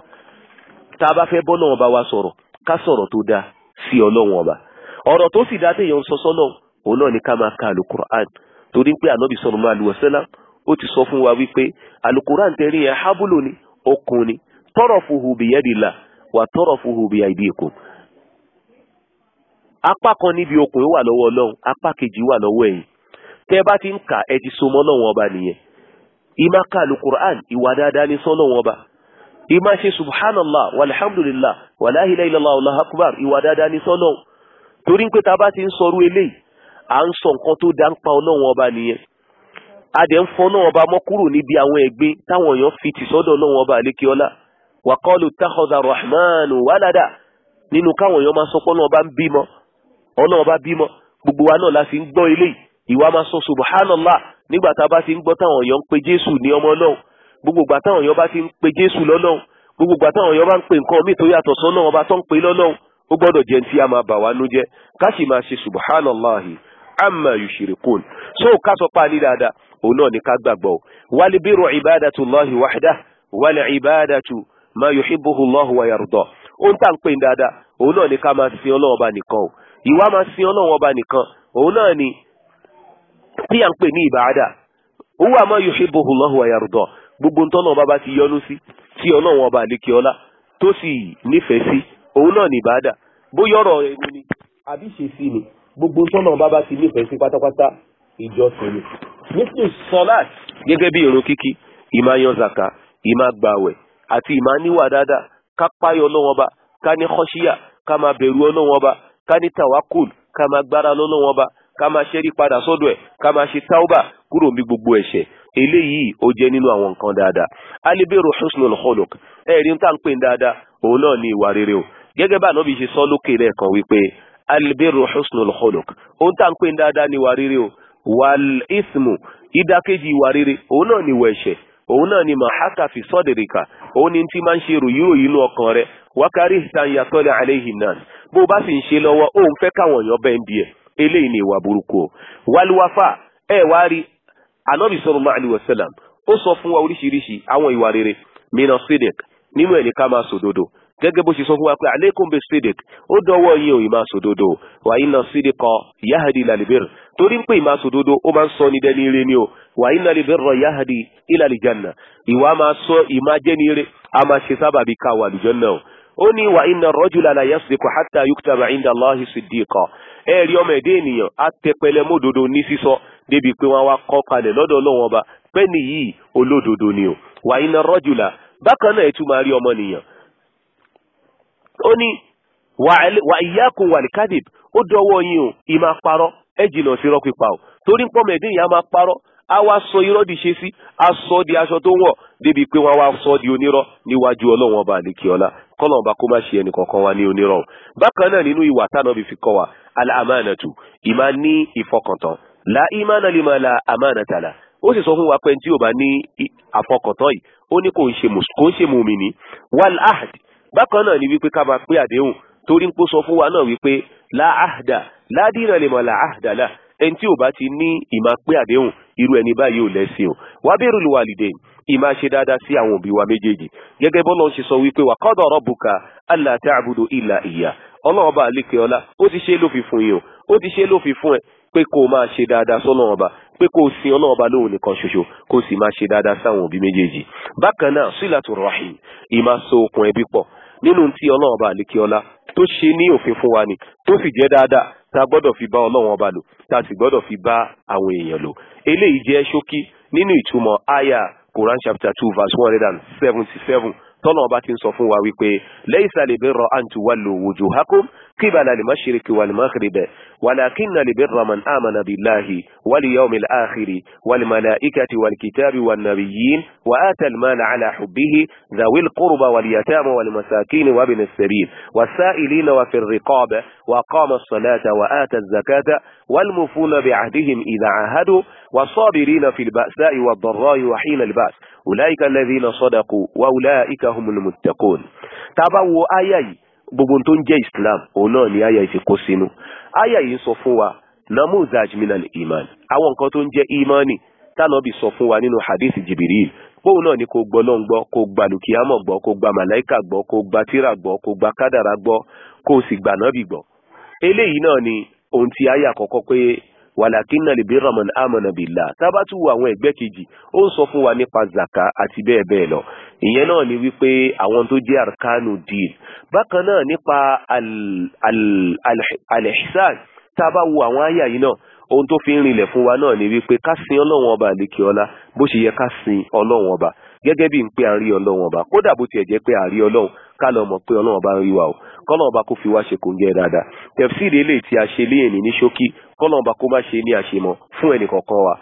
tá a bá fẹ́ bọ́ ọlọ́run ọba wa sọ̀rọ̀ ká sọ̀rọ̀ tó da sí ọ̀rọ̀ tó sì dá téèyàn sọ sọ́lọ́run òun náà ni ká máa ka alukur'an torí pé ànábì sallallahu alaihi wasallam ó ti sọ fún wa wípé alukur'an tẹ̀rí yẹn hábùlù ni okùn ni tarafuhu biyadillah wa tarafuhu biyaidikum apá kan níbi okùn wà lọ́wọ́ ọlọ́run apá kejì wà lọ́wọ́ ẹ̀yin tẹ́ bá ti ń kà ẹ ti so mọ́ lọ́wọ́ ọba nìyẹn ìmá ka alukur'an ìwà dáadáa ní sọ́lọ́wọ́ ọba ìmá ṣe subhanallah walhamdulillah wàláhìlá ìlàlá ọ̀làhàkùbár ìwà dáadáa ní sọ́lọ́wọ́ torí pé ta bá ti ń sọrú eléyìí à ń sọ nǹkan tó dá ń pa ọlọ́run ọba nìyẹn a dẹ̀ ń fọ ọba mọ́ kúrò níbi àwọn ẹ̀gbin táwọn èèyàn fi tì sọ́dọ̀ ọlọ́run ọba àlékè wàkọ́lù tahọ́dà rahman wàládà nínú káwọn èèyàn máa sọ pé ọlọ́run ọba ń bímọ ọlọ́run ọba bímọ gbogbo wa náà la fi ń gbọ́ eléyìí ìwà máa sọ subhanallah nígbà tá a bá ti ń gbọ́ táwọn èèyàn ń pe jésù ní ọmọ gbogbo táwọn ti ń pe jésù lọ́lọ́run gbogbo táwọn pe nǹkan míì tó yàtọ̀ sọ́nà ọba tó ń pe lọ́lọ́run ó gbọ́dọ̀ a máa bà wá nú amma yushirikun so ká sọ pa ní dáadáa òun náà ni ká gbàgbọ́ wal birru ibadatullahi wahdah wal ibadatu ma yuhibbuhu Allahu wa yarda ó ń tà ń pè ní dáadáa òun náà ni ká máa sin Ọlọ́run ọba nìkan o ìwà ma sin Ọlọ́run ọba nìkan òun náà ni tí à ń pè ní ìbáadà huwa ma yuhibbuhu Allahu wa yarda gbogbo ń náà ọba bá ti yọnu sí tí Ọlọ́run ọba àlékiọlá tó sì nífẹ̀ẹ́ sí òun náà ní ìbáadà bóyá ọ̀rọ̀ ẹnu ni àbí ṣe sí ni gbogbo tọ́nà bá bá ti nífẹ̀ẹ́ sí pátápátá ìjọsìn ni. nítorí sọláàt gẹ́gẹ́ bí irun kíkí ìmá yan zaka ìmá gbàwẹ̀ àti ìmá níwà dáadáa ká páyọ ọlọ́wọ́n ba ká ní kọ́ṣíyà ká máa bẹ̀rù ọlọ́wọ́n ba ká ní tàwákùl ká máa gbára lọ́lọ́wọ́n ba ká máa ṣẹ́rí padà sọ́dọ̀ ẹ̀ ká máa ṣe táwọ́bà kúrò ní gbogbo ẹ̀ṣẹ̀ eléyìí ó jẹ́ nínú àwọn nǹkan dáadáa alibiru husnul khuluq ẹ̀rí ń tà ń pè ń dáadáa òun náà ní ìwà rere o gẹ́gẹ́ bá ànábì ṣe sọ lókè lẹ́ẹ̀kan wípé albiru husnul khuluq ohun tá à ń pè ní dáadáa ni ìwà rere o wal ismu ìdákejì ìwà rere òun náà ni ìwà ẹ̀ṣẹ̀ òun náà ni màhákà fi sọ́dẹ̀ríkà òun ni tí máa ń ṣe ròyìnrò inú ọkàn rẹ wákàrí ìtànyà tọ́lẹ̀ alayhi nas bó o bá sì ń ṣe lọ́wọ́ òun fẹ́ káwọn èèyàn bẹ́ẹ̀ ń bí ẹ̀ eléyìí ni ìwà burúkú o wàlúwàfà ẹ wá rí anabi sallallahu alaihi wasallam ó sọ fún wa oríṣiríṣi àwọn ìwà rere mina sidik nínú ẹ̀ ní ká máa sòdodo gẹ́gẹ́ bó ṣe sọ fún wa pé aleikum bi sidik ó dọwọ́ yín ò ìmá sòdodo wa inna sidika yahadi lalibir torí ń pè ìmá sòdodo ó máa ń sọ ní dẹ́ni ire ni o wa inna libirra yahadi ilalijanna ìwà máa sọ ìmá jẹ́ni ire a máa ṣe sábàbí ká wà lùjọ́nà o ó ní wa inna rajula la yasdiku hatta yuktaba inda Allahi siddiqa ẹ̀rí ọmọ ẹ̀dẹ́ ènìyàn á tẹpẹlẹ mọ́dodo ní sísọ débi pé wọ́n wá kọ́ kalẹ̀ lọ́dọ̀ ọlọ́wọ́n ọba pẹ́ni ó ní wà ìyákun wà lìkádìb ó dọwọ́ yín o ìmà parọ́ ẹ jìnnà sí irọ́ pípa o torí ń pọ́nmọ̀ ẹ̀dín ìyá máa parọ́ a wá sọ irọ́ di ṣe sí a sọ di aṣọ tó ń wọ̀ débi pé wọ́n wá sọ di onírọ́ níwájú ọlọ́wọ́n ọba àlekí ọlá kọ́lọ̀ ọba kó má ṣe ẹnì kankan wa ní onírọ́ bákan náà nínú ìwà tánà bí fi kọ́ wa aláàmánàtù ìmá ní ìfọkàntán la ìmánà lè máa la àmánàtàlà ó sì sọ fún wa pé tí ò bá ní àfọkàntán yìí ó ní kò ń ṣe mùmínì wàl ahd bákan náà ni wípé ká máa pé àdéhùn torí ń pọ́ sọ fún wa náà wípé láàdà ládìrán lè mọ̀ láàdà là ẹni tí ò bá ti ní ìmá pé àdéhùn irú ẹni báyìí ò lẹ́sìn o wá bẹ̀rù lù wàlìdè ìmá ṣe dáadáa sí àwọn òbí wa méjèèjì gẹ́gẹ́ bọ́lá ń ṣe sọ wípé wà kọ́dọ̀ rabbuka alla ta'budu illa iya ọlọ́run ọba àlékè ọlá ó ti ṣe lófin fún yín o ó ti ṣe lófin fún ẹ pé kó o máa ṣe dáadáa sọ́lọ́run ọba pé kó o sin ọlọ́run ọba nìkan ṣoṣo kó o sì máa ṣe dáadáa sáwọn òbí méjèèjì bákan náà sílàtù rahim ìmá so okùn ẹbí pọ̀ nínú tí ọlọ́run ọba àlékiọlá tó ṣe ní òfin fún wa ni tó sì jẹ́ dáadáa tá a gbọ́dọ̀ fi bá ọlọ́run ọba lò tá a sì gbọ́dọ̀ fi bá àwọn èèyàn lò eléyìí jẹ́ ṣókí nínú ìtumọ̀ aya Quran chapter two verse one hundred and seventy seven tọ́lọ́run ọba ti ń sọ fún wa wípé laisa al-birra an tuwallu wujuhakum قبل المشرق والمغرب ولكن لبر من آمن بالله واليوم الآخر والملائكة والكتاب والنبيين وآتى المال على حبه ذوي القربى واليتامى والمساكين وابن السبيل والسائلين وفي الرقاب وقام الصلاة وآتى الزكاة والمفون بعهدهم إذا عاهدوا والصابرين في البأساء والضراء وحين البأس أولئك الذين صدقوا وأولئك هم المتقون تبوا آيَيْ gbogbo tó ń jẹ́ islam òun náà ni àyà ìfi kó sínú àyà yìí ń sọ fún wa namuzaj minal iman àwọn nǹkan tó ń jẹ́ imani tánàbì sọ fún wa nínú hadith jibiril bóun náà ni kò gbọ́ lọ́n gbọ́ kò gba lùkìámọ̀ gbọ́ kò gba màláìkà gbọ́ kò gba tíra gbọ́ kò gba kádàrà gbọ́ kò sì gbà náà bì gbọ́ eléyìí náà ni ohun tí àyà kọ́kọ́ pé wàlàkínà lè bí ramon amọ̀nà bìlà tábàtú àwọn ẹgbẹ́ kejì ó ń sọ fún wa nípa zaka àti bẹ́ẹ̀ bẹ́ẹ̀ lọ ìyẹn náà ni wípé àwọn tó jẹ́ arkanu dín bákan náà nípa alihsan tá a bá wo àwọn àyà yìí náà ohun tó fi ń rinlẹ̀ fún wa náà ni wípé ká sin ọlọ́run ọba àlékè ọlá bó ṣe yẹ ká sin ọlọ́run ọba gẹ́gẹ́ bí n pé à ń rí ọlọ́run ọba kódà bó tiẹ̀ jẹ́ pé à ń rí ọlọ́run ká lọ mọ̀ pé ọlọ́run ọba ń rí wa o kọ́lọ́run ọba kó fi wá ṣe kòńgẹ́ dáadáa tẹ̀fsíìrì eléyìí tí a ṣe léyìn ní ṣókí kọ́lọ́run ọba kó má ṣe ní àṣemọ́ fún ẹnìkọ̀ọ̀kan wa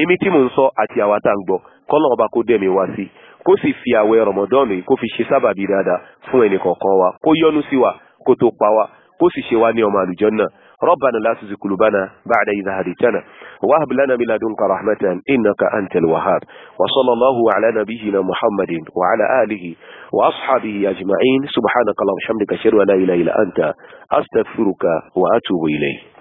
èmi tí mò ń sọ àti àwa tá à ń gbọ́ kọ́lọ́run ọba kó dẹ̀mí wá sí i kó sì fi àwẹ̀ ramadan kó fi ṣe sábàbí dada fún ẹnì kọ̀ọ̀kan wa kó yọ́nú sí wa kó tó pa wa kó sì ṣe wa ní ọmọ àlùjọ náà ربنا لا تزغ قلوبنا بعد إذ هديتنا وهب لنا من لدنك رحمة إنك أنت الوهاب وصلى الله على نبينا محمد وعلى آله وأصحابه أجمعين سبحانك اللهم وبحمدك أشهد أن لا إله إلا أنت أستغفرك وأتوب إليك